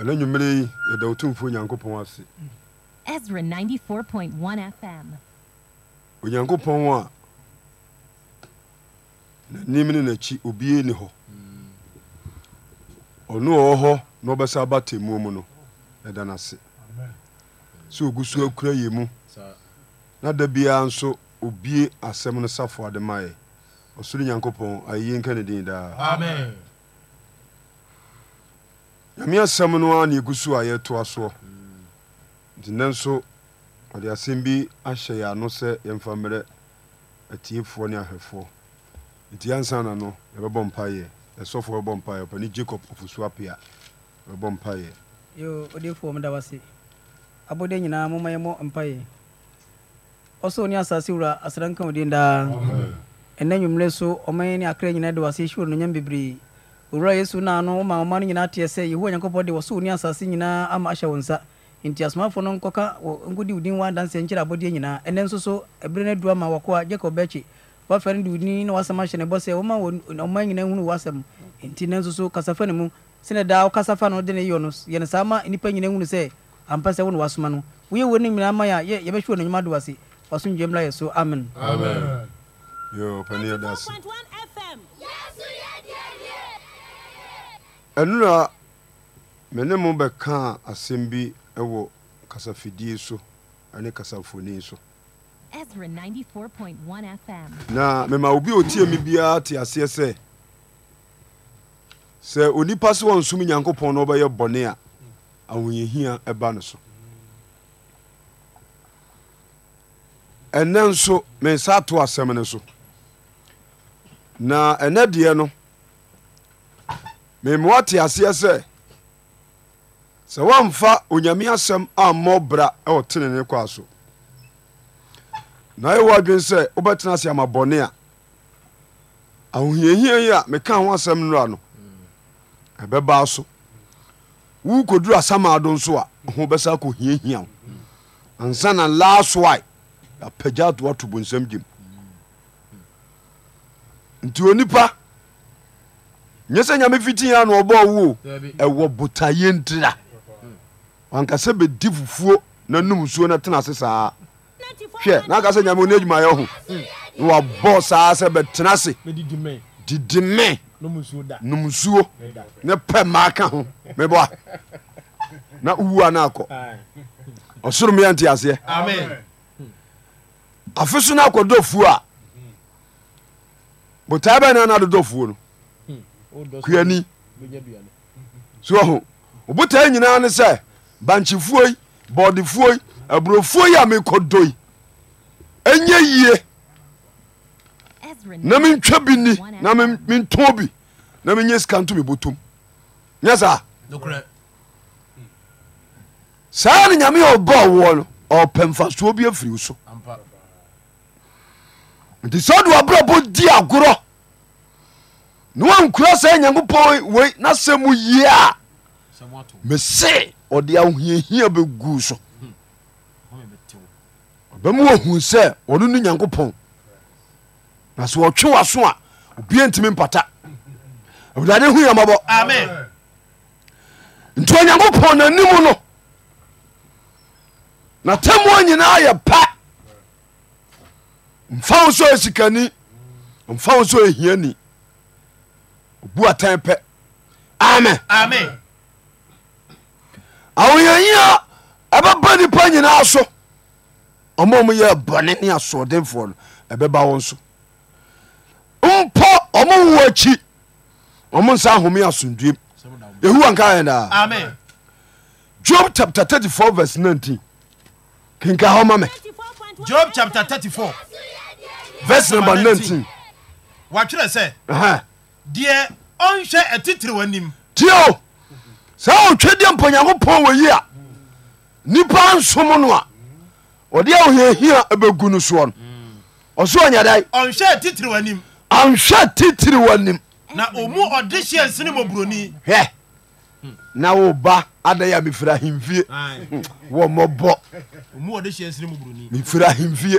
ɛna nwummere yi yɛda otumfoɔ onyankopɔn ase Ezra 94.1 FM onyankopɔn a n'anim ne n'akyi obie ni hɔ ɔno a ɔwɔ hɔ na ɔbɛsa aba temmuo mu no ɛda no ase sɛ ogu so akura yɛ mu na da biara nso obie asɛm no safoa de maɛ ɔsoro nyankopɔn ayɛyɛ nka ne din daa nyame asɛm no ara ne ɛgu so a yɛtoa soɔ nti nɛ nso ɔde asɛm bi ahyɛ yɛ ano sɛ yɛmfa mmerɛ atiefoɔ ne ahwɛfoɔ nti ansa na no yɛbɛbɔ mpayɛ ɛsɔfoɔ bɛbɔ mpayɛ ɔpani jacob ofusu apea bɛbɔ mpayɛ ɔdefoɔ mda wase abɔde nyinaa moma yɛmmɔ mpayɛ ɔsɛ ne asase wura asra nka odin daa ɛnɛ nwummerɛ so ɔma ne akra nyinaa de wase hyiwɔ nonyam bebree owura yesu na ano woma ɔma no nyinaa teɛ sɛ yehowa nyankopɔn de wɔso ne asase nyinaa ama ahyɛ wo nsa nti asomafoɔ no nkɔka nkɔdi wo wa adanseɛ nkyerɛ abɔdeɛ nyinaa ɛnɛ nso so ɛberɛ no adu ama wakoa jacob bɛkyi wafɛ no de wo na wasɛm ahyɛ ne bɔ sɛ woma ɔma nyinaa hunu wasɛm nti nɛ nso so kasafa no mu sɛne daa wokasa fa no de ne yɔ no yɛne saa ma nnipa nyinaa hunu sɛ ampa sɛ wo wasoma no woyɛ wo no nyinaa ma yɛ yɛbɛhwɛ wɔ no nnwuma do ase wasomdwam yɛ so amen, amen. amen. Yo, ɛno na me ne mo bɛkaa asɛm bi wɔ kasafidie so ne kasamfoni so na mema obi otie me biara te aseɛ sɛ sɛ onipa sɛ wɔnsom nyankopɔn na wɔbɛyɛ bɔne a ahoyahia ɛba no so ɛnɛ nso mensa ato asɛm no so na ɛnɛ deɛ no meme woate aseɛ sɛ sɛ woamfa onyame asɛm ammɔ bra ɛwɔ tenene kɔa so na yɛwɔ adwene sɛ wobɛtena ase amabɔne a ahohiahia yi a meka ho asɛm nnora no ɛbɛbaa so wo koduru asamaado nso a ho bɛsa kɔ hiahia wo ansa na last wi apagya wato bonsam gyem nti onipa nyɛ sɛ nyame fitia e na ɔbɔ wo ɛwɔ botaye ntira anka sɛ bɛdi fufuo na num suo no tena ase saa hwɛ na aka sɛ nyame ɔne adwumayɛ ho na wabɔ saa sɛ bɛtena ase didi me num suo ne pɛ maa ka ho meboa na wua no akɔ ɔsoro meyɛ nte aseɛ afe so no akɔdɔ fuo a botae bɛne na adodɔ fuo no kuani sohu obotae nyinaa ne sɛ bankyifuoi bɔdefuoi aburofuoi a mekɔdoi ɛnyɛ yie na mentwa bi ni na mentɔn bi na menyɛ sika nto mebotom nyɛ saa saa ne nyame a ɔbɔ woɔ no ɔpɛ mfasoɔ bi afiri wo so nti sɛ de wabrɛbɔ di agorɔ na wankura sɛ nyankopɔn wei na sɛ mu yiea mɛse ɔde aohiahia bɛgu so bɛm wɔhu sɛ ɔno no nyankopɔn nasɛ wɔtwe wsoa obiantimi mpatau nti nyankopɔn nanim no na tamua nyinaa yɛ pa mfa sɛsianimfasɛhiani obu atan pɛ amen awoyɛyia ɛbɛba nipa nyinaa so ɔma mo yɛ bɔne ne asoɔdenfoɔ no ɛbɛba wo so mpo ɔmo wo akyi ɔmo nsa ahome asomdwem yehowa nka yɛn daa job chapter 34 verse 19 Kinka hɔ ma me job chapter 34 verse number 19 wɔatwerɛ sɛ deɛɔhwɛ titirin ntio sa ɔtwadeɛ mpa nyankopɔn wɔ yi a nnipa nsom no a ɔde a wɔɛhia bɛgu no soɔ no ɔsoɔnyada ɔnhwɛ titiri w' nimɔmdhɛs na woba aday a mefiriahemfie wɔ mmɔbɔ mefiri hemfie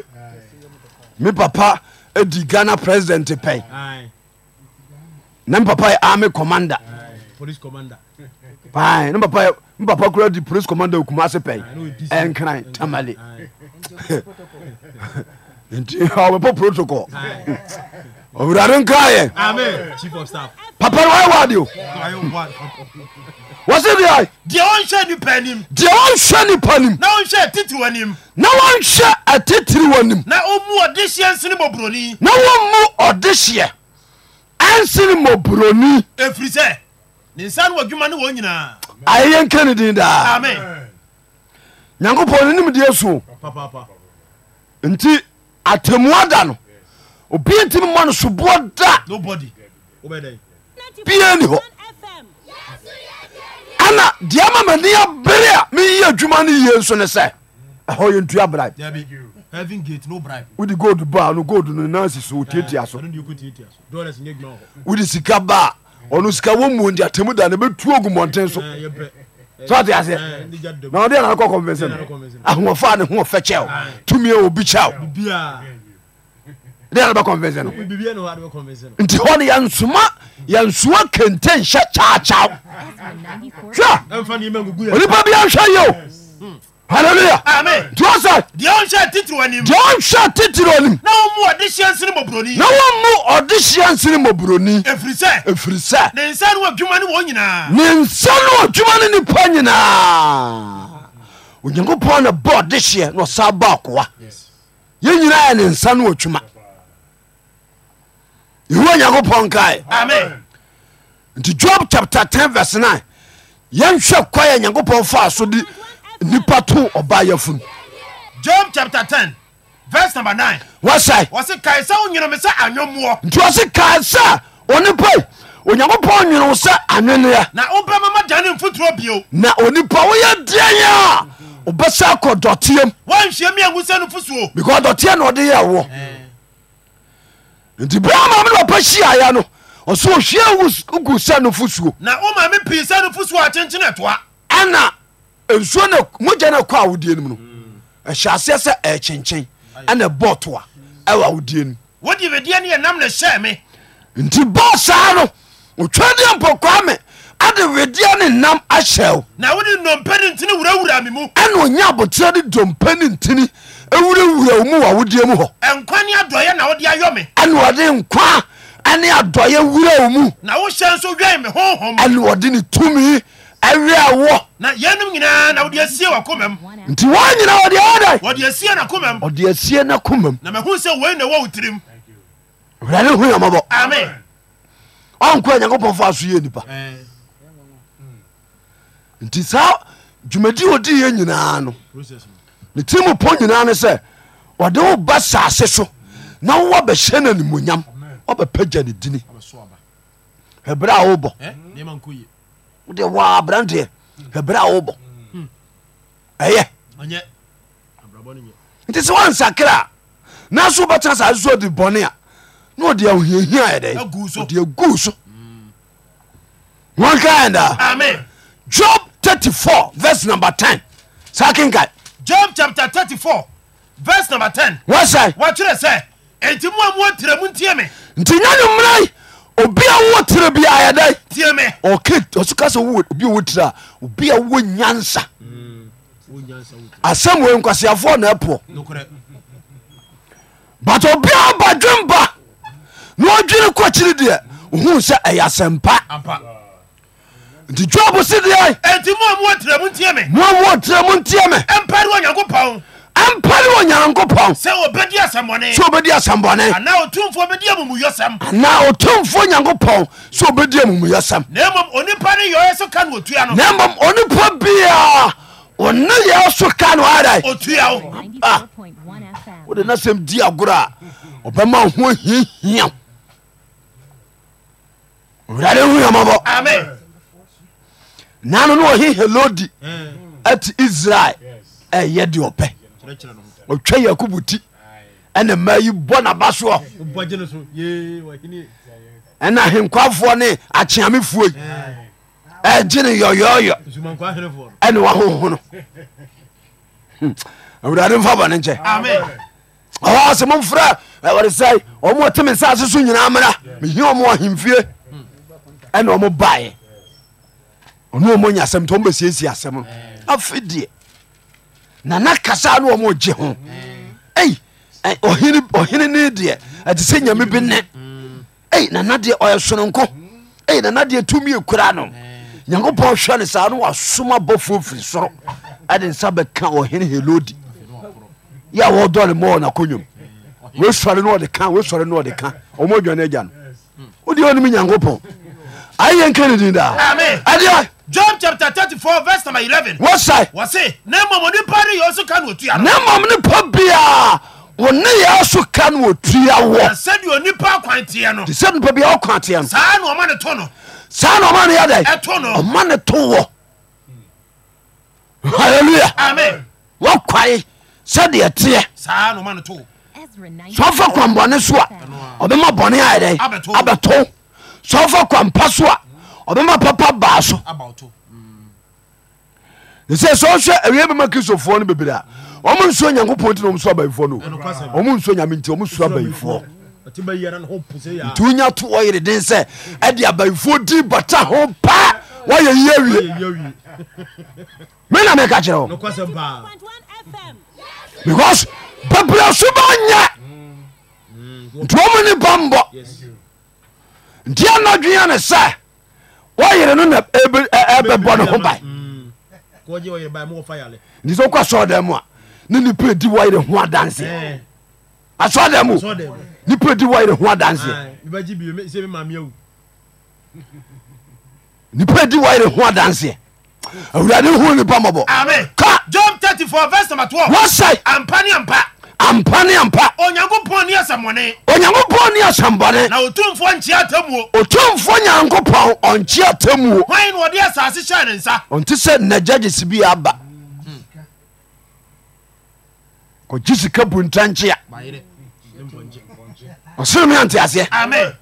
me papa adi ghana president pɛ ne mpapa yɛ army commander paa ne papa ne papa kura di police commander okuma ase pɛɛ ɛnkran tamale nti ɔbɛ pɔ protocol owurade nka yɛ papa no wayɛ wade o wɔse deɛ deɛ ɔnhyɛ nipa nim deɛ ɔnhyɛ nipa nim na ɔnhyɛ atitiri wɔ nim na wɔnhyɛ atitiri wɔ nim na ɔmu ɔdehyeɛ nsene bɔburoni na wɔmu ɔdehyeɛ ɛnsene mɔ buroni ɛfiri sɛ ne nsa no wadwuma ne wɔ nyinaa ayɛyɛ nka ne din daa amen nyankopɔn no nim deɛ suo papapa nti atamua da no obia ntimi mmɔ no soboɔ da nobody wobɛdɛn bia ni hɔ ana deɛ ma m'ani abere a meyɛ adwuma no yie nso ne sɛ ɛhɔ yɛ ntua bra heaven gate no bribe. wodi gold baa no gold no nansi so eh, o tiatia so. wodi sika baa ɔno sika wo mu ndi atemu da na bɛ tu ogu mɔnten so so ɔte aseɛ na ɔde yɛn akɔ kɔnfɛnsɛn no ahoɔfa ne ho ɔfɛ kyɛw tumi yɛ obi kyɛw de yɛn bɛ kɔnfɛnsɛn no nti hɔ no yɛn nsoma yɛn nsoma kente nhyɛ kyaakyaa hwɛ onipa bi ahwɛ yi o. Hmm. halleluya tuasa deɛ ɔnhyɛ titiri onim na wɔmmu ɔdehyeɛ nsene mɔboroni ɛfiri sɛ ne nsa no adwuma ne nipa nyinaa onyankopɔn na bɔ ɔdehyeɛ na ɔsa ba akoa yɛn nyinaa yɛ ne nsa no adwuma ɛhu onyankopɔn kae nti job chapter 10 verse 9 yɛnhwɛ kɔ yɛ nyankopɔn faa so de nipa to ɔba yafun. Job chapter ten verse number nine. wɔsɛ. wɔsi kaisa onyinam sɛ anyomoɔ. nti wɔsi kaisa onipa yi onyankopɔn nwene sɛ anweneɛ na wobɛ mama dane mfotoro o. na onipa woyɛ deɛ a wobɛsɛ akɔ dɔteɛm wanhwia mi ahu sɛ fusu o? because dɔteɛ na ɔde yɛ wo nti bia ma mene wɔpɛ hyiaeɛ no ɔsɛ ohwia wogu sɛ no fosuo na woma me pii sɛ no fosuo akyenkyene ɛtoa ɛna nsuo mogya no ɛkɔ awodie nom no ɛhyɛ aseɛ sɛ ɛkyenkyen ɛna bɔɔtoa ɛwɔ awodie nom wode bɛdiɛ no yɛnam ne hyɛ me nti bɔɔ saa no ɔtwa deɛ mpɔkwaa me ade wedeɛ ne nam ahyɛw na wode nnompa ne ntini wurawura me mu ɛna ɔnya aboterɛ de dompa ne ntini ɛwurawura wo mu wɔ awodeɛ mu hɔ ɛnkwa ne adɔeɛ na wode ayɔ me ɛna ɔde nkwa ɛne adɔeɛ wura wo mu na wohyɛ nso wɛn me honhom ɛna ɔde ne tumi ɛweawɔwnyinaddasi no aɛne hu nkora nyankopɔn fo aso yi nnipa nti saa dwumadi odeiɛ nyinaa no ne timupɔ nyinaa no sɛ ɔde woba saase so na waabɛhyɛ no nimmunyam wobɛpɛ gya ne dini ɛbrɛ a wobɔ wode wa branteɛ ɛbrɛ a wobɔ ɛyɛ nti sɛ wansakra a na so wobɛtena saa so ade bɔne a na ɔde ahohiahia ɛdɛde agu so wankaɛndaa job 34 verse number 10 saa kenkae job chapter 34 verse number 10 wɔsɛe wɔkyerɛ sɛ enti mo a muwɔ ntiramu ntie me nti nya mmerai Obi obia wowɔ tire biaa yɛdɛ ɔsoka wo obi wɔ tire a obia wɔ nyansa asɛm wei nkwaseafoɔ na ɛpoɔ but obiaa ba dwen ba na ɔdwene kɔkyiri deɛ ohu sɛ ɛyɛ asɛmpa nti dwoabo se deɛ moa mowɔ tira mu ntiɛ me mpa ne ɔyan nkɔaɛmn tomfoo nyankopɔn sɛobɛimmuɔ sɛm onipa bia one yɛɔso ka noaaeis ɔtwa yakobo ti ɛna ma yi bɔ naba soɔ ɛna ahenkwafoɔ ne akyeame fuo yi ɛgye ne yɔyɔyɔ ɛne wahohono hmm. awurade mfa bɔne nkyɛ ɔhɔ sɛ momfrɛ wɔde sɛ ɔmo ɔteme nsase so nyinaa mmra mehia ɔmo ahemfie ɛna ɔmo baeɛ ɔne ɔmo nya asɛm nti ɔmo bɛsiesie asɛm no afe deɛ nana kasa ne wɔma ɔgye ho ɔhene ne deɛ ɛte sɛ nyame bi nne nana deɛ ɔyɛ sononko nana deɛ tumi ɛkura no nyankopɔn hwɛ no saa ne wasoma bɔfoɔ firi soro ɛde nsa bɛka ɔhene helodi yɛ wɔdɔle ma ɔnakɔnwom wesɔre ne ɔde ka wesɔre ne ɔde ka ɔmɔ dwane agya no wodeɛ wonim nyankopɔn ayɛ yɛnka ne din daa job chapter thirty four verse number eleven. wọ́n sẹ́. wọ́n sẹ́ na mọ̀mọ́ nípa ni yóò sún kánú òtúyà. na mọ̀mọ́ nípa bíyà wọ́n ní yà sún kánú òtúyà wọ̀. sẹ́ni onípa kwan tiẹ̀ nù. sẹ́ni onípa bíyà ọkàn tiẹ̀ nù. sáà ni ọmọ ni tó nù. sáà ni ọmọ ni yà dẹ̀. ẹ tó nù. ọmọ ni tó wọ̀. hallelujah. amen. wọ́n kwan yi sẹ́ni ẹ̀ tiẹ̀. sáà ni ọmọ ni tó. sọ́fọ̀ kwan bọ̀ ní so a ọbẹ̀ mọ bọ̀ ní ayẹ̀dẹ̀ abẹ̀tó sọ́fọ̀ kwan pa so a ɔbɛma papa baa so ɛsɛ sɛ ɔhwɛ awie bɛma kristofoɔ no bebree a ɔmo nsuo nyankopɔn nti na ɔmo so abayifoɔ no ɔmo nsuo nyame nti ɔmo so abayifoɔ nti wonya to wɔyere den sɛ ɛde abayifoɔ di bata ho paa wɔyɛ yie awie mena meka kyerɛ wo because bebree so bɛnyɛ mm. mm. nti ɔmo ne bambɔ nti anadwea ne sɛ ayere no na ɛbɛbɔ n ho bsɛ kɔ asɔ dɛmua na nipa di wyerehodnasdm np di wyerho dn nipa di wayere hoa danseɛ awrade ho nipa mabɔ ampa ne ampa onyankopɔn ne asɛmmɔne Na ne asɛmbɔne na otumfoɔ nkyea atamuo otumfoɔ nyankopɔn ɔnkye atamuo hwan na ɔde asase hyɛɛ ne nsa ɔnte sɛ nagyagyesi bi aba ɔgye sika bu ntankyea ɔsere me ante aseɛ amen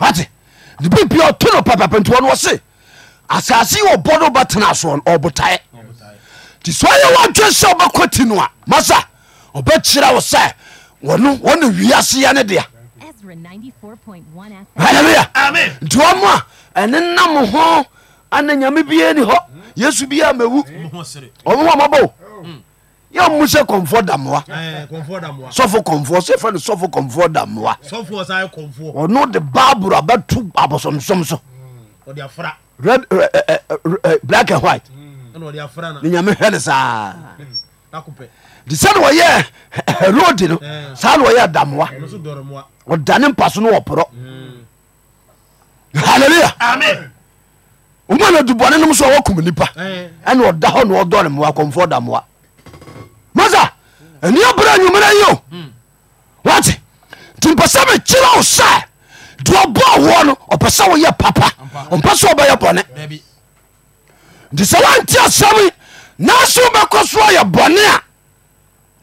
ate ne bibia ɔto no papapa nti ɔno ɔse asase yi wɔbɔ no bɛtena soɔ no ɔbotae nti sɛ ɔyɛ wɔadwe sɛ wobɛkɔ ti no masa ɔbɛkyerɛ wo sa nɔne wia asea ne deanti ɔmmo a ɛne na mo ho ana nyame biar ni hɔ yesu biaa mawu ɔmohomabɔ yɛ mu sɛ kɔnfoɔ damoasfo kɔnfoɔfɛnosfo kɔfoɔ damoa ɔno de babrɔ bɛto abɔsonsom sonyɛ nti sɛne wɔyɛ herode eh, eh, no eh. saa ne wɔyɛ damoa ɔdane mpa so no wɔporɔ hmm. halleluya ɔma na dubɔne nom so wɔkum nipa ɛne ɔda hɔ na ɔdɔne mmoa kɔmfo damoa masa ɛnia bra nwumena yio hmm. wate nti mpɛ sɛ mekyerɛ wo sɛ deɛ ɔbɔɔ woɔ no ɔpɛ sɛ woyɛ papa ɔmpɛ sɛ wɔbɛyɛ bɔne nti sɛ woante asɛm nanso wobɛkɔ so ɔyɛ bɔne a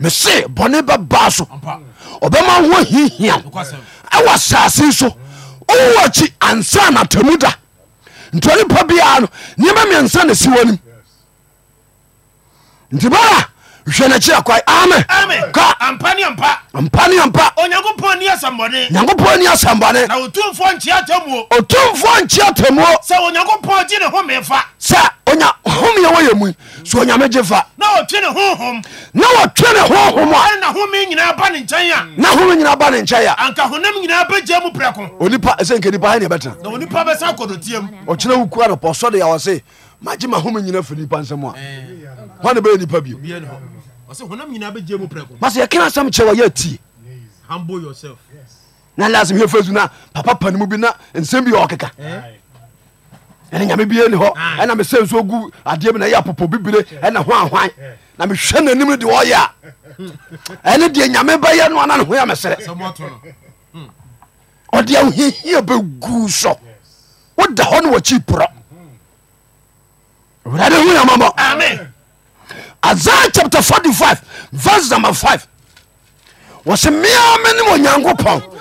mese bɔne bɛbaa so ɔbɛma ho hihiam ɛwɔ asase so owowɔ akyi ansa natamu da ntone pa biaa no nneɛma miɛnsa na si wanim nti baa hwɛ no kyerɛ kwae ame mpa ne mpa onyankopɔn ni asɛmbɔne otumfoɔ nkyea tamuo sɛ onyankopɔn gye ne homeɛ wɔ yɛ mu so onyame gye fa na wɔtwe ne honhom na home nyina ba ne nkyɛe a onipa ɛsɛ nka nipa ha ne ɛbɛtena ɔkyerɛ wokua nopɔ sɔde yɛwɔ se magye ma home nyina fa nipa nsɛm a hwane bɛyɛ nipa bio masɛ yɛkena asɛm kyerɛ wɔ yɛ atie na lasm hɛ fa su no papa panem bi na nsɛm bi yɛ ɔkeka ɛne nyame bie ni hɔ ɛna ah. mesɛ nso gu adeɛ mi na ɛyɛ apopɔ bibire ɛna ho ahwan na mehwɛ n'anim ne deɛ ɔyɛ a ɛne deɛ nyame bɛyɛ no ana ne ho yɛ mesere hmm. ɔde ahohiahia bɛgu so woda hɔ ne wɔkyi porɔ wurade ho yamabɔ isaiah chapter 45 verse number 5 wɔsɛ mea me ne onyankopɔn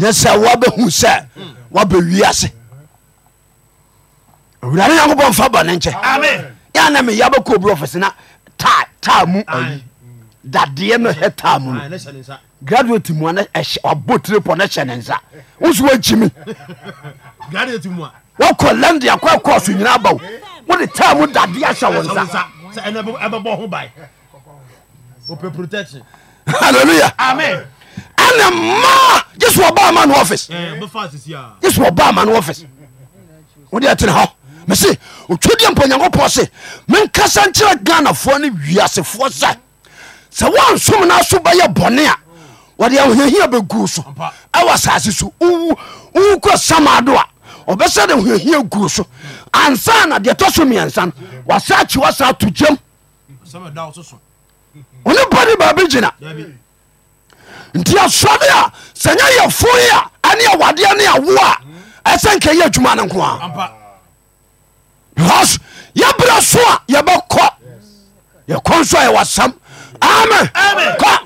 yɛ sɛ wobɛhu sɛ hmm. wobɛwi ase awurade nyankopɔn mfa bɔne nkyɛ yɛne meya bɛkɔ bi ɔfice na taa mu ayi dadeɛ no hɛ taa mu no graduate mu abɔ tirepɔ no hyɛ ne nsa woso wakyimi a landia kɔ ɛkɔɔ so nyina aba wo wode taa mu dadeɛ ahyɛ wo nsa Amen ɛne ma yesu ɔba ma no office eh, yesu ɔba ma no office wode atene hɔ si, otwadeɛ mpa onyankopɔn se menkasa nkyerɛ ghanafoɔ no wiasefoɔ sɛ sɛ woansom no so bɛyɛ bɔne a wɔde ahohiahia bɛgu so ɛwɔ asase so wowu kɔ samado a ɔbɛsɛ de ahohiahia gu so Ansan na deɛ tɔ so mmiɛnsa no wasa akyi wasa to gyam ɔne bɔne baabi gyina nti asɔde a sɛnyɛ yɛ foe a ane awadeɛ ne awo a ɛsɛnkɛyɛ adwuma ne nko a because yɛbra so a yɛbɛkɔ yɛkɔ nso ayɛwɔsam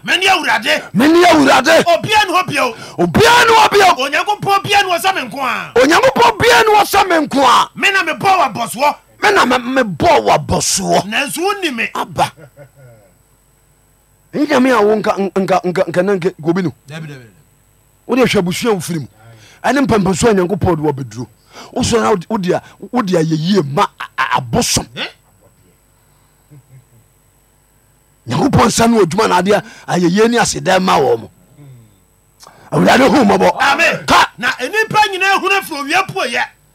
mene ɛwuraden onyankopɔn bia no wɔ sɛ me nko a menamebɔɔ w bɔ soɔb nyame a wo nka na gobi no wode hwɛ abusua wofiri mu ɛne mpampaso a nyankopɔn de wɔbɛduro woswode ayɛyie ma abosom hm? nyankopɔn nsa no adwuma na adeɛ ayɛyie ne asedɛ ma wɔ mo awurade hu mɔbɔ na nipa nyinaa hunu afiri owia poyɛ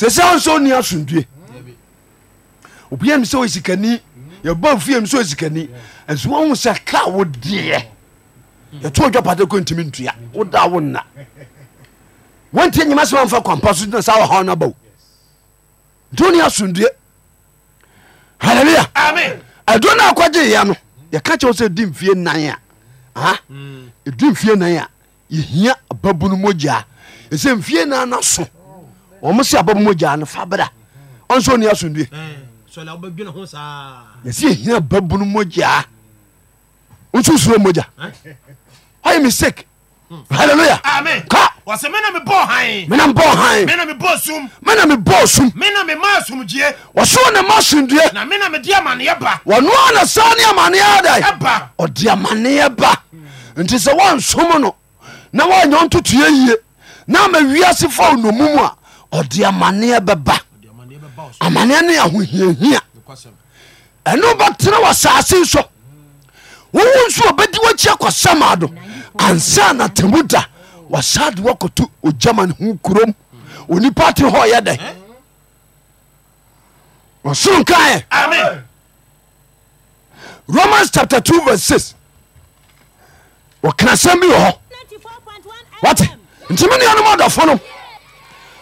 sɛsɛ nso ni asomdue obia mi sɛ osikani yɛba fie mi sɛ osikani ɛnso wahu sɛ ka wo deɛ yɛto dwa pata ko ntimi ntua woda wo nna wantie nyama sɛ wamfa kwampa so na saa wɔhaw no bao nti wo ne asomdue halleluya ɛdo no akɔgyeeɛ no yɛka kyɛw sɛ di mfie nan a ɛdi hmm. mfie nan a yɛhia babuno mogyaa ɛsɛ mfie nan no so ɔmo se abab mga no fabda ɔnsɛneasomd mɛsɛ yhina ba buno maa nsosumgya ɛ misak alamn mɔɔ mena mebɔɔ sum ɔso ne ma asomdanoana sa ne amaneɛd ɔde amaneɛ ba nti sɛ wonsom no na waanyɛ ntotoyie na mawi asefa nɔmuma ɔde amaneɛ bɛba amaneɛ ne ahohiahia ɛno bɛtena wɔ saase so wowo nso wɔbɛdi wakyia kɔsama do ansa na tamu da wɔsa de wakɔto ogyama ho kurom onipa te hɔ yɛ dɛn ɔsoro nkaɛ romans chapter 2 vs 6 wɔkena sɛm bi wɔ hɔ wate nti me neanom ɔdɔfo no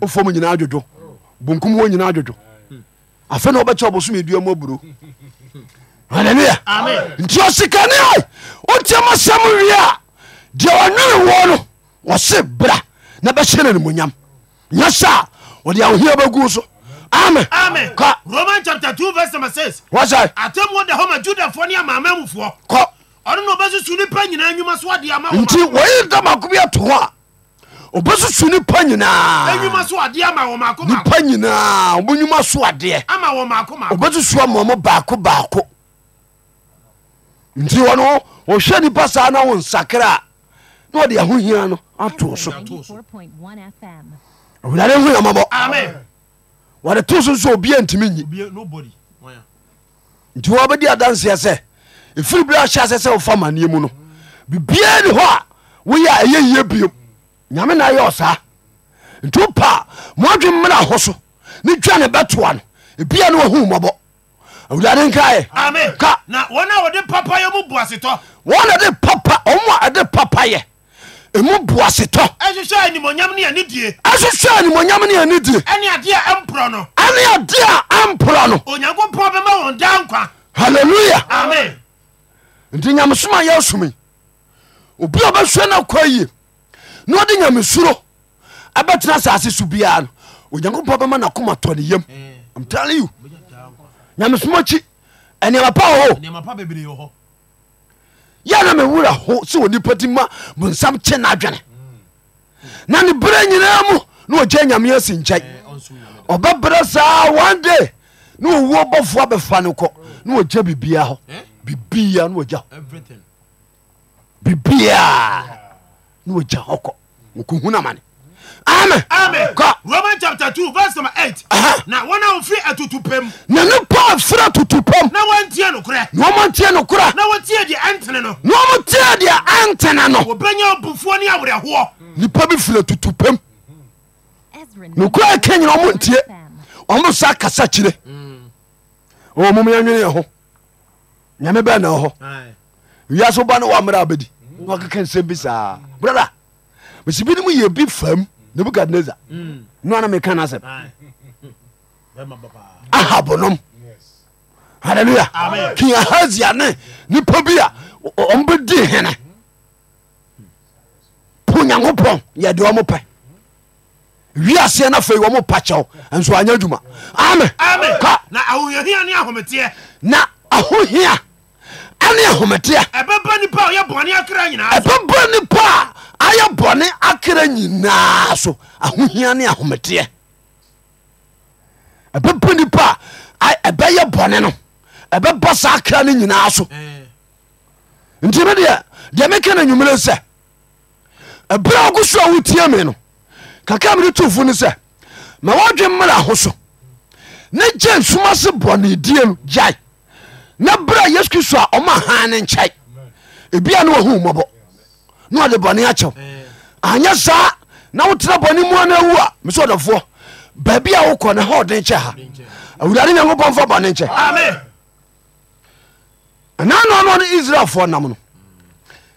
ofom nyina adwodwo bunkum wɔ nyinaa dwodwo afei na wɔbɛkyɛ ɔbɔsom edua mu aburo hallelujah nti ɔsikane a asɛm sɛm wie a deɛ ɔnwene wɔ no wɔse bra na bɛhyɛ no nomonyam nyɛ sɛ a wɔde ahohia bɛgu so amen amen kɔ roman chapter two verse number six ne amaama mufoɔ kɔ ɔno na ɔbɛsusu nti wɔyi dama ko a obɛsusu nipa nyinaanipa nyinaa obɛnwuma so adeɛ obɛsusu ama mo baako baako nti wɔno ɔhwɛ nipa saa na wo nsakra na wɔde aho hia no atoo so awurade ho yamabɔ wɔde to so nso obia ntimi nyi nti wɔbɛdi adanseɛ sɛ ɛfiri berɛ ahyɛ sɛ sɛ wofa manneɛ mu no bibia ni hɔ a woyɛ a ɛyɛ nyame na yɛɔ saa nti wopa modwe mmra ho so ne dwane bɛtoa no bia na wahu mɔbɔ kaɔde papa yɛ mu boasetɔɛnnnyam nnepn alla nti nyamesoma yɛ som obi bɛsua nokɔ na ɔde nyamesuro ɛbɛtena asaase sobiara no onyankopɔ bɛmanakomatɔn yanyamesomi aneama pa ho yanamewerɛ ho sɛnipatim m m sam kenoawna naneberɛ nyinaamu na a nyame asinyɛe ɔbɛbrɛ saa da na wbɔoɔ bɛfank a bi ufre ani fri atu pe nkrake yena o tiesa kasa r mumeawenho amebɛnh isobanaadiee sɛs mesi mu yɛ bi fam nebukadnezar mm. noana meka no asɛm ahabonom halleluya king ahazia ne nipa bi a ɔmbɛdi hene po nyankopɔn yɛde ɔmo pɛ wiaseɛ no afei wɔmo pa kyɛw nso anyɛ adwuma ame na ahohia neoeɛɛbɛba nipo a ayɛ bɔne akra nyinaa so aho hiane ahomteɛ bɛba nipo a ɛbɛyɛ bɔne no ɛbɛbɔ sa akra no nyinaa so ntimeɛ deɛ meka na nwumeɛ sɛ ɛbrɛ wɔko soa wotie me no kakaa mede toofo no sɛ mɛwɔdwe mmera aho so ne gya nsuma se bɔne die no ya na bera yesu kristo a ɔma ha ne nkyɛ ebia ne wahu mmɔbɔ na ɔde bɔne akyɛw anyɛ saa na wotera bɔne mua no awu a mesɛ ɔdɔfoɔ baabi a wokɔ ne ha ɔde nkyɛ ha awurade nyankopɔn fa bɔne nkyɛ ɛna no ɔno ne israelfoɔ nam no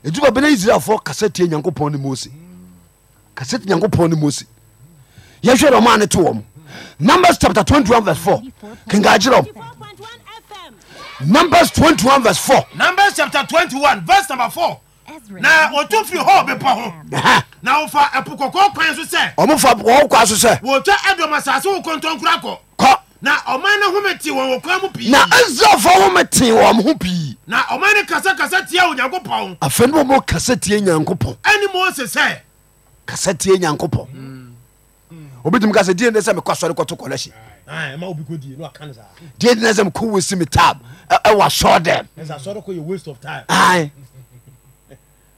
ɛdu ba bɛne israelfoɔ kasa tie nyankopɔn ne mose kasa tie nyankopɔn ne mose yɛhwɛ dɛ ɔma ne to wɔ m numbers chapter 21 verse 4 kenkaa kyerɛ m nm 21nwɔfiri hɔbpɔ hnfa pokɔkɔkwan sɛfɔa ɛɔɛ adɔm sase wokɔntɔkra ɔ n ɔmanohomete wwɔkwam pi na ɛsafo home te wm ho pii n ɔankasaasa tiaonyankpɔ afi kasa ti nyankpɔn nmse sɛ aanyanɔ Ah, di no deɛ dina sɛ mekɔ wɔsi simi tab ɛwɔ asɔre dɛm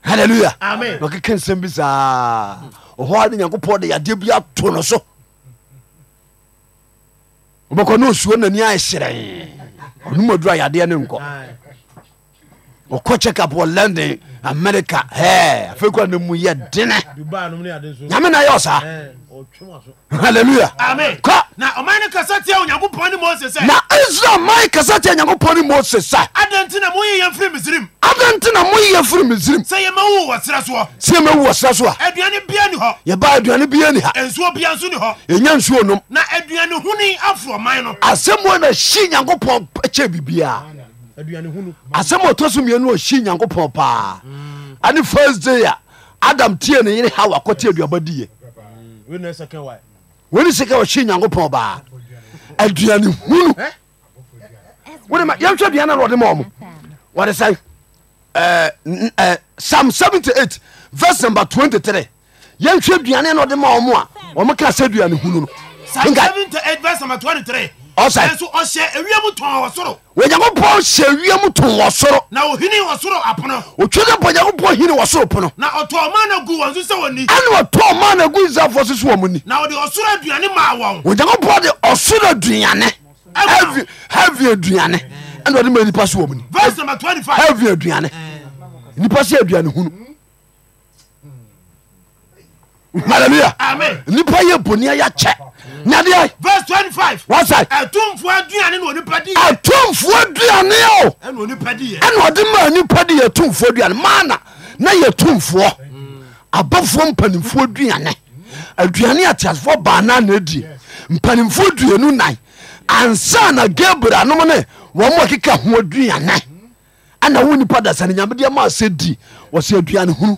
halleluya na ɔkeka nsɛm bi saa ɔhɔ ne nyankopɔn de yadeɛ bi ato no so wobɛkɔ ne osuo nani ayɛ hyerɛn ɔnomaduru a yadeɛ ne nkɔ ɔkɔ chɛ kapowɔ londin amerika afei kuane mu yɛ denɛnyame na yɛ ɔ saa llana sna man kasatea nyankopɔn ne mose sa ad nt na moyɛ frimsrmsɛ ymwu wɔ sra soayɛba aduane bianih ɛnya nsuonom asɛmnaye nyankopɔn pɛhɛ birbia asɛm ɔtɔ so mmienu ɔhyi nyankopɔn paa ane first day a adam tie ne yere hawa kɔte aduaba diɛ wene sɛkɛ ɔhyi nyankopɔn baa aduane hunu wodema yɛhwɛ aduane na wɔde ma ɔmo wɔde sɛ psalm 78 verse number 23 yɛhwɛ aduane na ɔde ma ɔmo a ɔmo ka sɛ aduane hunu no hywm sor wɔnyankopɔn hyɛ awiamu tɔn wɔ soro nr ɔtwɛdɛ po nyankopɔn heni wɔ soro pono ane ɔtɔɔ ma no agu safoɔ so so wɔ m nianem wnyankopɔn de ɔsoro aduanehavin aduane ɛnɔde ma nnipa so w5nadanep sadane malelua nnipa yɛ bonia yɛkyɛ adeatumfoɔ duane ɛnaɔde ma nipa deɛ atomfoɔ dane mana na yɛatomfoɔ abɔfoɔ mpanimfoɔ dane aduane mm. ateasefoɔ baanan adi mpanimfoɔ duanu na ansa na gabrial nom ne wamo ɛkeka ho duane ana mm. wo nipa da sane nyamedeɛmaasɛ di wɔsɛ aduane huru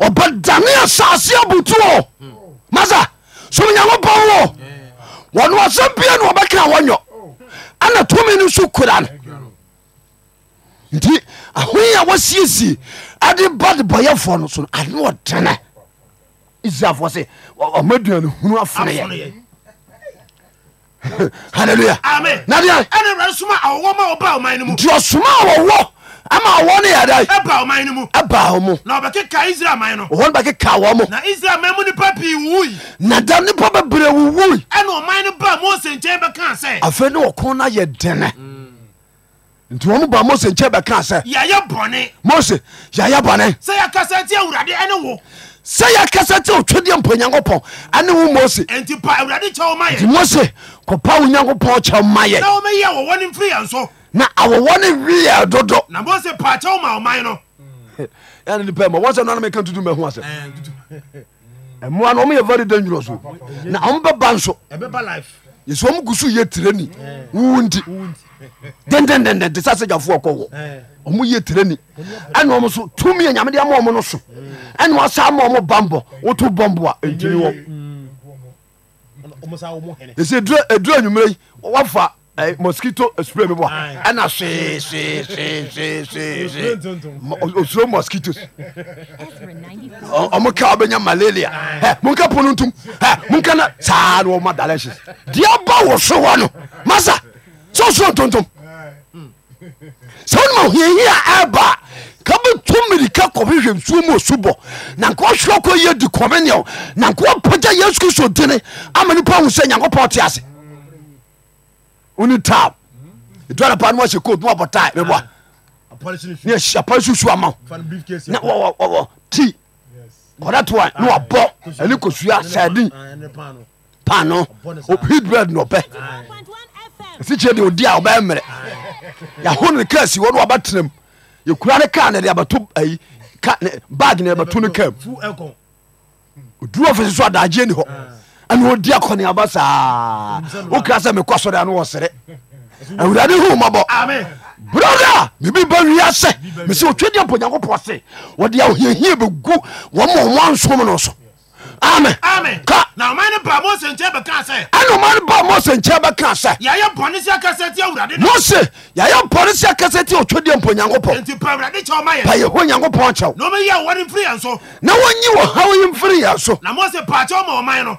ɔbɛdane asase abutuo masa som nyankopɔn wo wɔno asɛm bia na wɔbɛkra wɔnyɔ ana tumi no so kura no nti ahoyi a wɔsiesie ade ba de bɔyɛfoɔ no so no ane ɔdene israelfoɔ se ɔmaduane hunu afoneyɛ halleluya nti ɔsoma a wɔwɔ ama ɔwɔ no yɛda ɛba ɔman no mu ɛba wo mu na ɔbɛkeka israel man no ɔwɔ no bɛkeka wɔ mu na israel man mu nipa pii wuwui na da nipa bebree wuwui ɛna ɔman no baa mose nkyɛn bɛkaa sɛ afei ne wɔko no ayɛ dɛnɛ nti wɔn ba mose nkyɛn bɛkaa sɛ yɛyɛ bɔne mose yɛyɛ bɔne sɛ yɛkasa nti awurade ɛne wo sɛ yɛkasa te otwadeɛ mpa nyankopɔn ane wo mose nti pa awurade kyɛw ma yɛ nti mose kɔpa wo nyankopɔn kyɛw ma yɛ na wɔmɛyɛ wɔwɔ no mfiri yɛn so na awɔwɔ ne wiyɛ dodo na mose paakyɛw ma ɔman no ɛne nipa ma wɔsɛ no anomeka tutu mahu asɛm ɛmoa no ɔmoyɛ very dangerous o na ɔmbɛba nso yɛsɛ ɔm gu so yɛ tirani wowo nti dendendenden te sɛ sɛgyafoɔ kɔ wɔ ɔmo yɛ tirani ɛne ɔm so tumi a nyamede ama ɔmo no so ɛne wasa ma ɔmo bambɔ woto bɔmbɔ a ɛntini wɔ ɛsɛ ɛdura anwummerɛ yi Eh, mosquito eh, spray bi bɔ ɛna see see see see see see osuro mosquitoes ɔmo ka ɔbɛnya malaria ɛ eh, mo nka pono ntum ɛ mo nka na saa ni ɔmo adalɛsi deɛ ba wɔ wɔ no masa sɔsoro ntontom sɛwọn ma hiɛhiɛ a ɛba kabi tu mirika kɔfihwɛ nsuo mu osu bɔ na nkɔ sɔkɔ yɛ di kɔmi nìyɛw na nkɔ pɛtɛ yɛsu kristu dini ama nipa ahun sɛ nyankɔ pɔ ɔte ase wone tam ɛduane pa no wahyɛ coat na wabɔ tae meboa ah. ne ahyia pa susu ama wo ti kɔda toa ne wabɔ ɛne kosua sardin pano heat bread na ɔpɛ ɛsikyerɛ deɛ odi a ɔbɛyɛ mmerɛ ah, yɛho ne ka si hɔ ne wabɛtenam yɛkura ne kaa ne de abɛto ayi bag ne yɛbɛto no kam oduru ɔfisi so adagyeɛ ni hɔ ah ɛne ɔdi akɔneaba saa wokra sɛ mekɔ sɔre ano wɔsere awurade hu mɔbɔ brɔda mebi ba wia sɛ mesɛ ɔtwadeɛ mpo nyankopɔn se wɔde ahohiahia bɛgu wɔma ɔma nsom no so amen ka na ɔman no ba mose nkyɛn bɛka sɛ ɛna ɔman no ba mose nkyɛn bɛka sɛ yɛyɛ bɔne sɛ kɛsɛ ti awurade mose yɛyɛ bɔne sɛ kɛsɛ ti ɔtwadeɛ mpo nyankopɔn nti pa awurade kyɛw ma yɛ pa yɛhɔ nyankopɔn kyɛw na ɔmɛyi awɔre mfiri yɛn so na wɔnyi wɔ haw yi mfiri yɛn so na mose paakyɛw ma ɔman no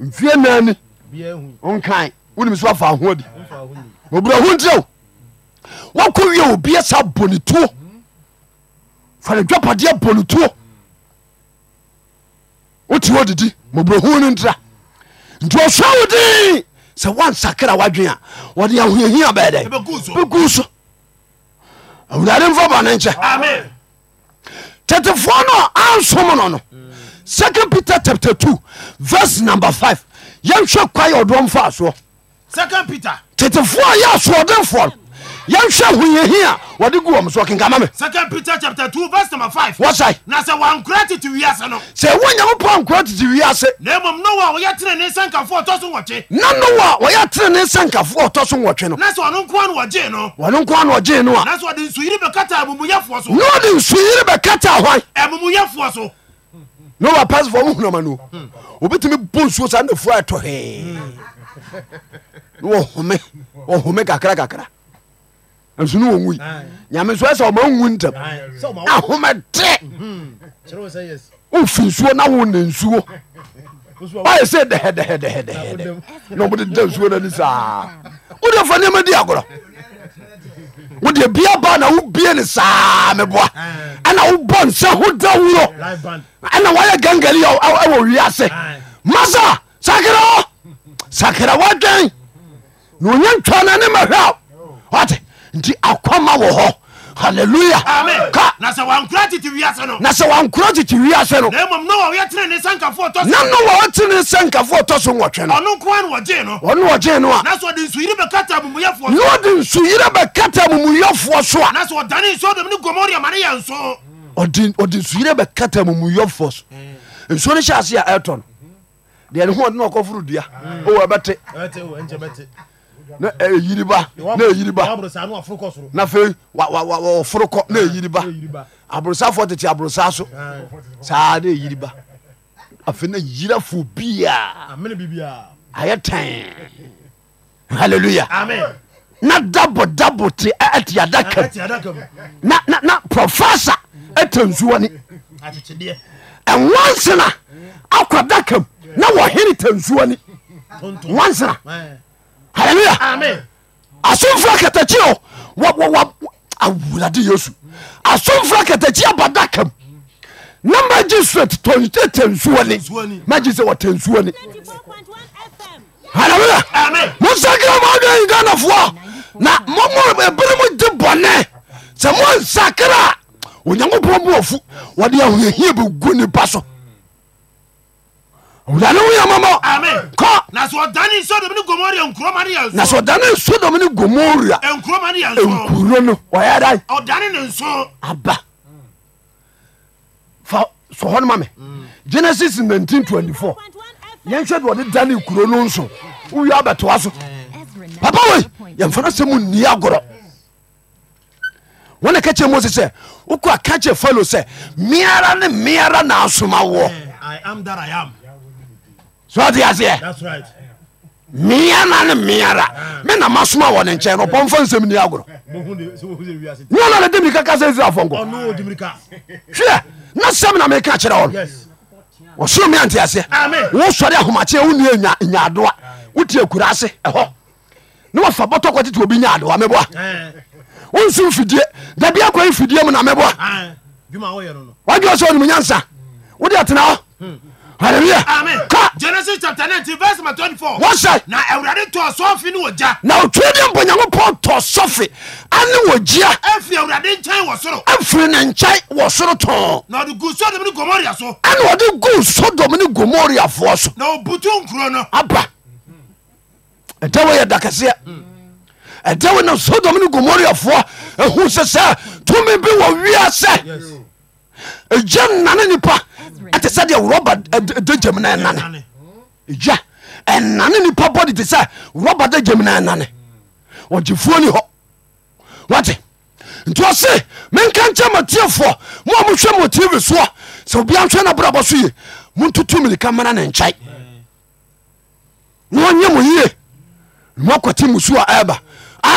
mfie naani nkan wonim so afa ho adi obraho ntiɛ woakɔ wie obia sa bɔne tuo fane dwapadeɛ bɔne tuo wote hɔ didi mɔbraho no ntra nti ɔsɛ wo din sɛ woansakra woadwen a wɔde ahohia bɛɛ dɛ bɛgu so awurade mfa bɔne nkyɛ tetefoɔ no ansom no no second peter chapter two verse number five yɛnhwɛ kwa yɛ ɔdoɔ mfa second peter tetefoɔ a yɛ asoɔdenfoɔ yɛnhwɛ ahoyɛhi a wɔde gu wɔm so ɔkenkama me second peter chapter two verse number five wɔsae na sɛ wankora tete wiase no sɛ ɛwɔ nyankopɔn ankora tete wiase na mmom noa a wɔyɛ tene ne nsankafoɔ ɔtɔ so nwɔtwe na noa a wɔyɛ ne nsankafoɔ ɔtɔ so no na sɛ ɔno nkoa na wɔgyee no ɔno nkoa na ɔgyee no a na sɛ ɔde nsuyiri bɛkata amumuyɛfoɔ ne wa pass fɔ ɔmuhunama no obitumi bu nsuo sa ne fura ɛtɔ hɛɛ ne wɔ home wɔ home kakra kakra nso ne wɔ nwui nyame nso ɛsɛ ɔma nwu ntɛm ahome tɛ wofi nsuo na wo ne nsuo ɔyɛ sɛ dɛhɛdɛhɛdɛhɛdɛ na ɔmode da nsuo no ani saa wode fa nneɛma di agorɔ wode biabana wobie ne saa meboa eh. ɛna wobɔnsɛ hodawo ɛna woayɛ gangaliwɔ wi ase masa sakra sakra wodwen nawonya ntwano ne mahɛ t nti akama wɔ hɔ Hallelujah. halleluya na sɛ wankora tete wiase no na wɔwɔ tene ne sɛ nkafoɔ tɔ so nwɔtwe noɔno wɔgye no a na ɔde nsuyere bɛkata mumuyɔfoɔ so a ɔde nsuyere bɛkata mumuyɔfoɔ so nsuo no hyɛ ase a ɛtɔ no deɛ ne ho ɔde ne ɔkɔforo dua mm. ɔwɔ ɛbɛte Eh, na ɛyɛ eh, yiriba na ɛyɛ yiriba na fɛ wɔforo kɔ na ɛyɛ yiriba aborosafoɔ tete aborosa so saa na ɛyɛ yiriba afei na yira fo bia ayɛ tan hallelujah na dabo dabo te ɛte adaka mu na na profesa ɛte nsuwa ni ɛnwansena akɔ adaka mu na wɔhene te nsuwa ni nwansena. aela asonfra katakio awurade yesu asonfra kataki abada kem ne ma o tnsuontun mosakra madyiganafoo n ebiremo ge bone s mosakraa onyankupon boofu deahie bo gune baso odane wiamɔmɔnasɔdane nso domne gomoraam genesis 924ɛɛdeane bɛtoa so papa e yɛmfano sɛm nia grɔ wane ka ke mose sɛ wokɔa ka kɛ falo sɛ meara ne meara naasoma wo eh, soteas miara ne miara menamasoma wone nken pomfa snrmataa hallelujah amen ka genesis chapter nineteen verse number twenty-four. wọ́n sẹ́. na awurade tọ sọ́ọ̀fin ni wọ́n já. na òtún ní mpọ̀nyàmọ́pọ̀ tọ sọ́ọ̀fin ẹni wọ́n jíà. ẹ fi awurade nkyɛn wɔ soro. ẹ firi ne nkyɛn wɔ soro tán. na ɔde gu sodom ni gomoria so. ɛna ɔde gu sodom ni gomoria foɔ so. na obutu nkuro no. aba ɛdɛwɔ yɛ dakɛseɛ ɛdɛwɔ na sodom ni gomoria foɔ ehun sɛ sɛ tumi bi wɔ wia sɛ ɛgye nnane nipa. ete se de wroba da jamine nane a enane nipa bod te se ro ba da yemi no anane ojefuoni h wat ntse menka nkye motiefo moa muswe motive soo s obia nse na brabo so ye mototo menika mara ne nkai mye moyee mukate musuoaba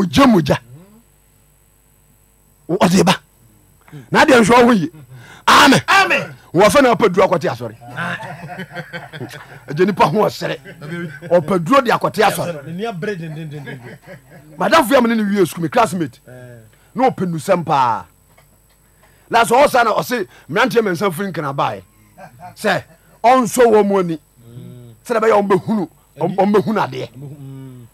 ogye mogya ɔde ba na adeɛ nhwɛ ɔho ye amen wɔfɛ na ɔpɛ duro akɔte asɔre agye nipa ho ɔsere ɔpɛ duro de akɔte asɔre madafo yam ne ne wie sukuu mi classmate na ɔpɛ nusɛm paa laasɛ ɔwɔ saa na ɔse mmeranteɛ mɛnsa firi nkana baeɛ sɛ ɔnsɔ wɔ mu ani mm. sɛdɛ bɛyɛ ɔmbɛhunu ɔmbɛhunu adeɛ mm.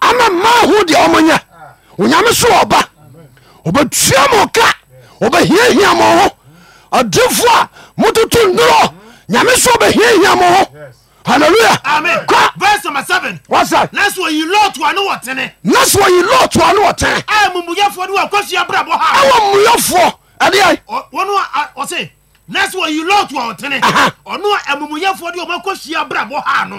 ama ma ho deɛ ɔmonyɛ onyame so ɔba ɔbɛtua mo ka ɔbɛhiahia mo ho adefo a mototo ndoro nyame so ɔbɛhiahia mo ho hallelujah Amen. kɔ verse number seven. wasa. na sọ yi lọọtù àni wọ tẹnɛ. na sọ yi lọọtù àni wọ tẹnɛ. ẹ mumuyafọ ni wa kò sí abúlabọ ha. ẹ wọ mumuyafọ ẹ di yà. wọn ọsẹ na sọ yi lọọtù àwọ tẹnɛ. ọnu ẹ mumuyafọ ni wa kò sí abúlabọ ha nù.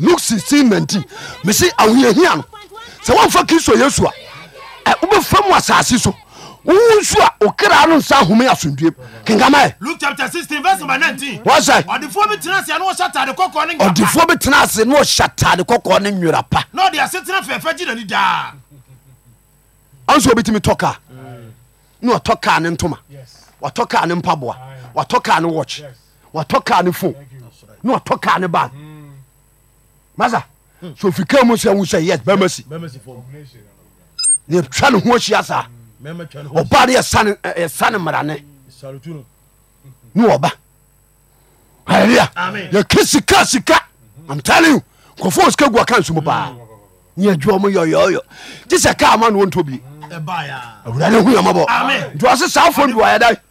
luke sixteen 16:19 mesi ahohiahia no sɛ womfa kristo yesu a wobɛfa mu asase so wowu nso a okra no nsa ahome asomdue kenkama wɔsɛ ɔdefoɔ bi tena ase ne ɔhyɛ tade kɔkɔɔ ne nwera pa ɔnso obɛtumi tɔ kaa mm. ne ɔtɔ kaa ne ntoma watɔ kaa ne mpaboa watɔ kaa ne watch watɔ kaa ne phone ne watɔ kaa ne bag mm masa sofi ka mu sɛ wo sɛ yes bɛma si yɛtwa ne ho ahyia saa ɔba de yɛsa ne mmarane ne wɔba halleluya yɛka sika sika i'm telling you nkɔfo sika gua ka nsom paa yɛdwoɔ m yɔyɔyɔ gye sɛ kaa ma ne wɔntɔ bi awurade ho yamabɔ nti ɔse saa fo duayɛdae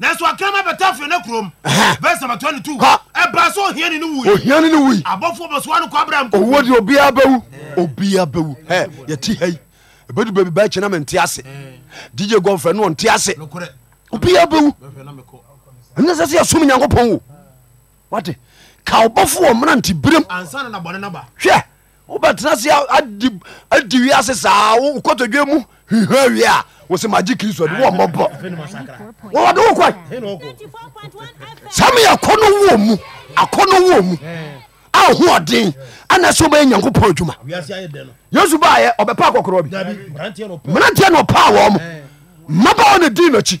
nnwd oia bw obia bɛ yɛtihi bɛdu bbi bakyina ame nti ase gy gofrean nte ase bɛnsɛsɛ yasom nyankopɔn owt kaobɔfow mena nte bram wobɛteasadi wiase saadwamu ha ie wosmgye krisowde wok sɛ meɛk om aho ɔden an sɛbɛyɛ nyankopɔn adwuma baɛbɛpaantɛ n pa mabawn n naki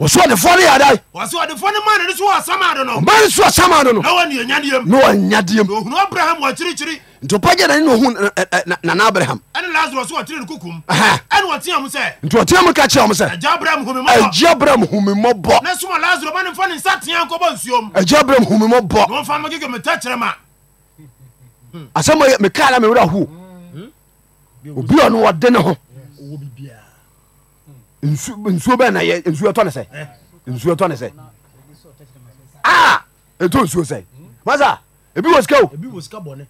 wɔso ɔdefo no yɛdamasu asam do n na wanyadeɛm nt ɔpya nne nahunana abrahamtateamka kɛsɛa bra hummɔbɔbrahmɔmeka wɛnwɔdenh nsuo bɛɛ na yɛ nsuo tɔ ne sɛ nsuo tɔ ne sɛ aa ah! eto nsuo sɛ masa ebi wɔ sika o ebi wɔ sika bɔnɛ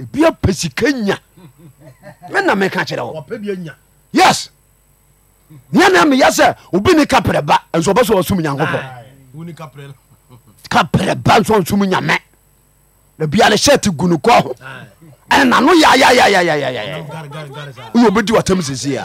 ebi apɛ sika nya mɛ na mɛ kan kyerɛ o wapɛ bi nya yes nea na mɛ yɛ sɛ obi ni kapɛrɛ ba nso ɔbɛ sɔ ɔsum nyanko pɔ kapɛrɛ ba nso ɔsum nyamɛ ebi ale hyɛ ti gunu kɔ ɛnna no yayayayayayaya oye obi di wa tɛm sisi ya.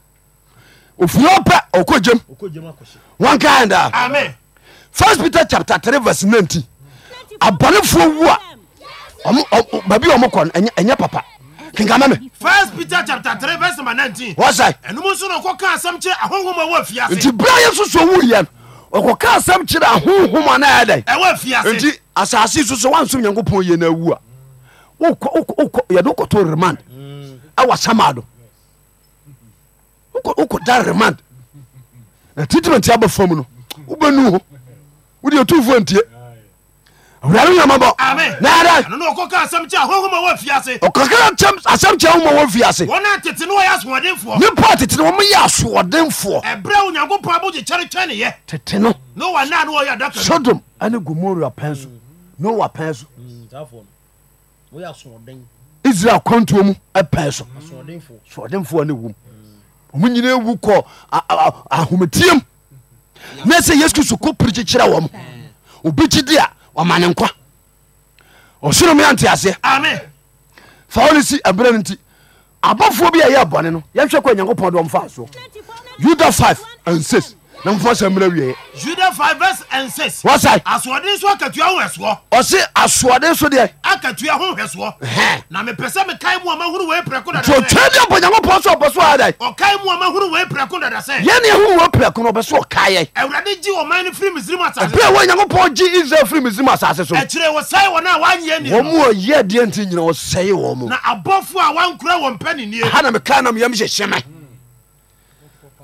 ofie opɛ ɔkɔ gyam ah. wankaɛdaa first peter chapter three verse nineteen. abanefoɔ wu a baabi ɔmo kɔ papa kenkama me first peter chapter three verse 19 wɔsɛe ɛnom nso na ɔkɔka asɛm kyerɛ ahonhom a wɔ afiase nti berɛ yɛ soso wuyɛ no ɔkɔka asɛm kyerɛ ahonhom a na ɛyɛ dɛn ɛwɔ afiase nti asase so so wansom nyankopɔn yɛ no awu a yɛde wokɔto remand mm. ɛwɔ sama do da remand na treatment aba famu no wobɛnu ho wode ɔtumfoɔ ntie awurade nyamabɔ ɔkakra asɛm kyɛ woma wɔ fiase nipa tete no wɔmyɛ asoɔdenfoɔ tete no sodom ane gomora pɛn so noa pɛn so mm, israel kwantuo mu pɛn so soɔdenfoɔ ne wom ɔmo nyina wu kɔ ahomatiem na sɛ yesu kristo kɔ pirikyikyerɛ wɔ m obi gyidi a ɔma ne nkwa ɔsoro me ante aseɛ fa wone si aberɛ no nti abɔfoɔ bi a ɛyɛ bɔne no yɛnhwɛ kɔ nyankopɔn de ɔmfa soɔ yuda five and six na mfa sɛ mmerɛ wieɛ juda 5 verse and 6 wɔsae asoɔden so akatua ho hwɛsoɔ ɔse asoɔden so deɛ akatua ho hwɛsoɔ na mepɛ sɛ mekae mu a mahunu wei prɛko dadatwa deɛ bɔ nyankopɔn sɛ ɔpɛ so ada ɔkae mu a mahunu wei prɛko dada sɛ yɛne ɛhunu wɔ prɛko no ɔpɛ so ɔkaeɛ awurade gye ɔman no firi misrim asase ɛberɛ wɔ nyankopɔn gye israel firi misrim asase so akyirɛ wɔsɛe wɔn a wanyɛ ni wɔmu ɔyɛ deɛ nti nyina wɔ mu na abɔfoɔ a wankora wɔn pɛ nennie ha na mekae na meyam hyehyɛ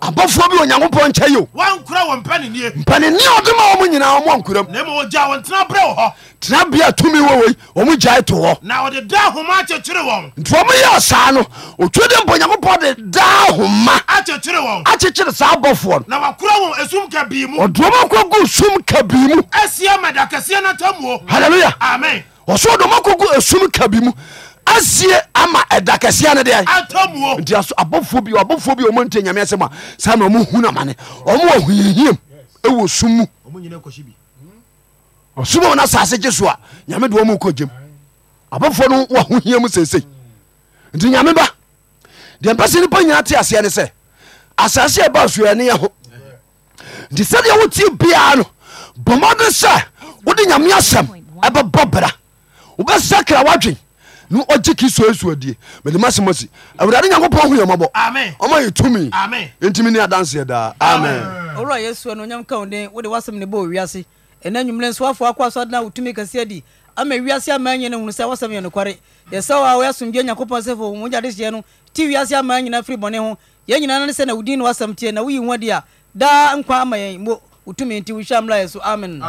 abɔfoɔ bi onyankopɔn nkyɛ yɛ nkorapne mpane nne ɔde ma ɔmu nyinaa moankuram yatenaberɛ h tenabia tumi wɔwei ɔm gyae tohɔ nde da homa akekyere w nti ɔmyɛ saa no ɔtwide mpa onyankopɔn de daa homa akkere akyekyere saa abɔfoɔ no nkors kabmuɔdoɔm kogu sum ka bii musɛmadakɛsɛ notamuo aelaaen ɔsoɔdoɔm kogu asum kabi mu asie ama ɛda kɛseɛ no deɛ nti abɔfoɔ bi abɔfoɔ bi ɔmo nte nyame asɛm a saa ma ɔmo hu namane ɔmo wɔ hohiahiam ɛwɔ sum mu ɔsum a ɔno asase gye so a nyame de ɔmo kɔ gyem abɔfoɔ no wɔ hohia mu seesei nti nyame ba deɛ mpɛ sɛ nipa nyinaa te aseɛ ne sɛ asase a ɛba suaneɛ ho nti sɛdeɛ wotie biara no bɔmmɔden sɛ wode nyame asɛm ɛbɛbɔ bra wobɛsakra woadwen ɔgye kristo yesu adie mede masemasi awurade nyankopɔn hu yɛmɔbɔ ɔma yɛ tumi ɛntimi ne adanseɛ daa amen owura yɛsua no onyam ka wo den wode w'asɛm ne bɔ owiase ɛna nwumere nso afoɔ akɔ asɔ adena wotumi kɛseɛ di ama wiase ama nyɛ no hunu sɛ wɔsɛm yɛ nokware yɛsɛ wo a woyɛasomdwe nyankopɔn sɛ fo womogya de hyeɛ no ti wiase ama nyina firi bɔne ho yɛn nyinaa ne sɛ na wodin no wasɛm tiɛ na woyi ho adi a daa nkwa ama yɛn mo wotumi nti wohyɛ mmra yɛ so amen